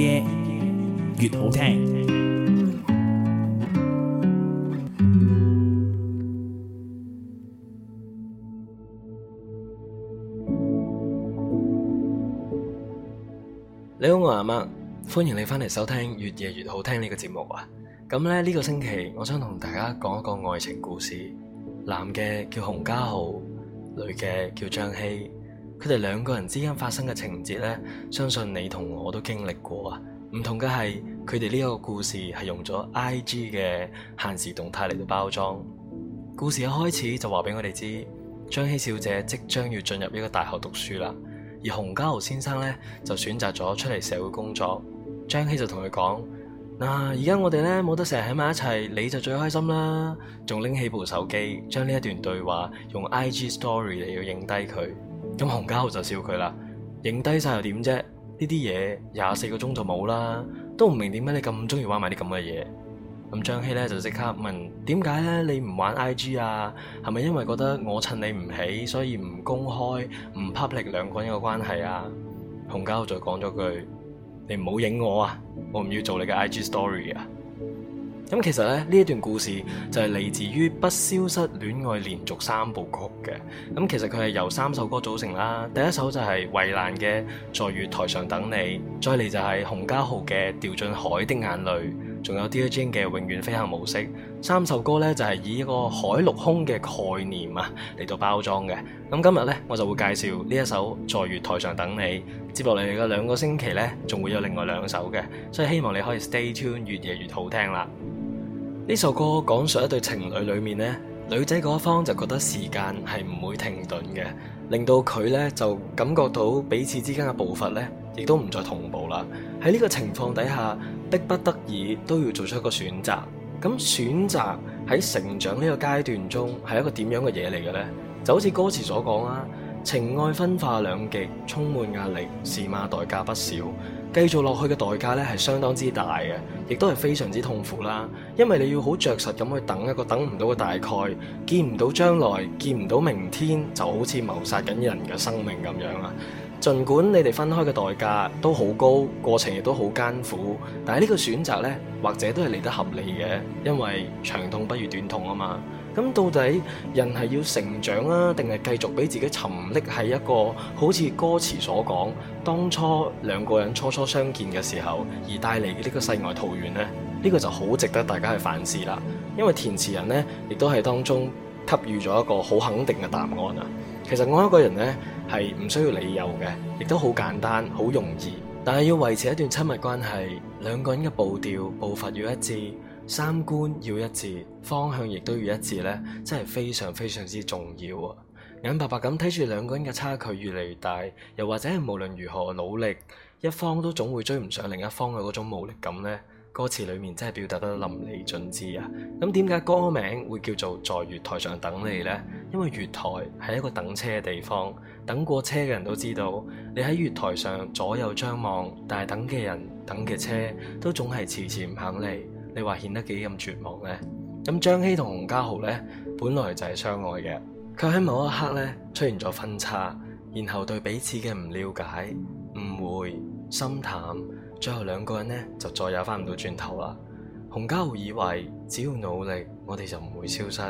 越好聽。 你好，我阿媽，歡迎你翻嚟收聽《越夜越好聽》呢、這個節目啊！咁、嗯、呢，呢、這個星期，我想同大家講一個愛情故事，男嘅叫洪家豪，女嘅叫張希。佢哋兩個人之間發生嘅情節呢，相信你同我都經歷過啊。唔同嘅係佢哋呢個故事係用咗 IG 嘅限時動態嚟到包裝。故事一開始就話俾我哋知，張希小姐即將要進入一個大學讀書啦，而洪家豪先生呢，就選擇咗出嚟社會工作。張希就同佢講：嗱，而家我哋呢冇得成日喺埋一齊，你就最開心啦。仲拎起部手機，將呢一段對話用 IG Story 嚟到影低佢。咁洪家豪就笑佢啦，影低晒又點啫？呢啲嘢廿四個鐘就冇啦，都唔明點解你咁中意玩埋啲咁嘅嘢。咁張希咧就即刻問：點解咧你唔玩 I G 啊？係咪因為覺得我趁你唔起，所以唔公開唔 public 兩個人嘅關係啊？洪家豪再講咗句：你唔好影我啊，我唔要做你嘅 I G story 啊！咁其實咧，呢一段故事就係嚟自於《不消失戀愛》連續三部曲嘅。咁其實佢係由三首歌組成啦。第一首就係、是、衞蘭嘅《在月台上等你》，再嚟就係洪嘉豪嘅《掉進海的眼淚》，仲有 Dear Jane 嘅《永遠飛行模式》。三首歌呢就係、是、以一個海陸空嘅概念啊嚟到包裝嘅。咁今日呢，我就會介紹呢一首《在月台上等你》。接落嚟嘅兩個星期呢，仲會有另外兩首嘅，所以希望你可以 stay tune，越夜越好聽啦。呢首歌講述一對情侶裏面呢，女仔嗰一方就覺得時間係唔會停頓嘅，令到佢呢就感覺到彼此之間嘅步伐呢亦都唔再同步啦。喺呢個情況底下，迫不得已都要做出一個選擇。咁選擇喺成長呢個階段中係一個點樣嘅嘢嚟嘅呢？就好似歌詞所講啊，情愛分化兩極，充滿壓力，是嘛，代價不少。繼續落去嘅代價咧係相當之大嘅，亦都係非常之痛苦啦。因為你要好着實咁去等一個等唔到嘅大概，見唔到將來，見唔到明天，就好似謀殺緊人嘅生命咁樣啊！儘管你哋分開嘅代價都好高，過程亦都好艱苦，但係呢個選擇呢，或者都係嚟得合理嘅，因為長痛不如短痛啊嘛。咁到底人係要成長啊，定係繼續俾自己沉溺喺一個好似歌詞所講，當初兩個人初初相見嘅時候而帶嚟嘅呢個世外桃源呢？呢個就好值得大家去反思啦。因為填詞人呢，亦都係當中給予咗一個好肯定嘅答案啊。其實愛一個人呢，係唔需要理由嘅，亦都好簡單、好容易。但係要維持一段親密關係，兩個人嘅步調步伐要一致。三觀要一致，方向亦都要一致呢，真係非常非常之重要啊！眼白白咁睇住兩個人嘅差距越嚟越大，又或者係無論如何努力，一方都總會追唔上另一方嘅嗰種無力感呢，歌詞裏面真係表達得淋漓盡致啊！咁點解歌名會叫做《在月台上等你》呢？因為月台係一個等車嘅地方，等過車嘅人都知道，你喺月台上左右張望，但係等嘅人、等嘅車都總係遲遲唔肯嚟。你話顯得幾咁絕望呢？咁張希同洪家豪咧，本來就係相愛嘅，卻喺某一刻咧出現咗分岔，然後對彼此嘅唔了解、誤會、心淡，最後兩個人呢，就再也翻唔到轉頭啦。洪家豪以為只要努力，我哋就唔會消失，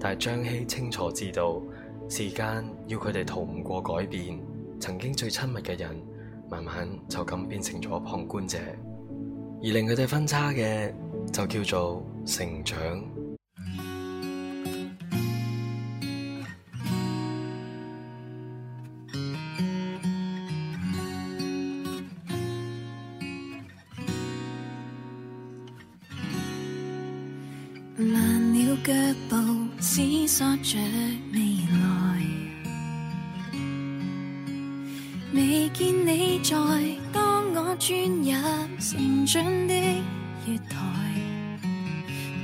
但係張希清楚知道，時間要佢哋逃唔過改變。曾經最親密嘅人，慢慢就咁變成咗旁觀者，而令佢哋分岔嘅。就叫做成長。慢了腳步，思索着未來，未見你在，當我轉入成長的月台。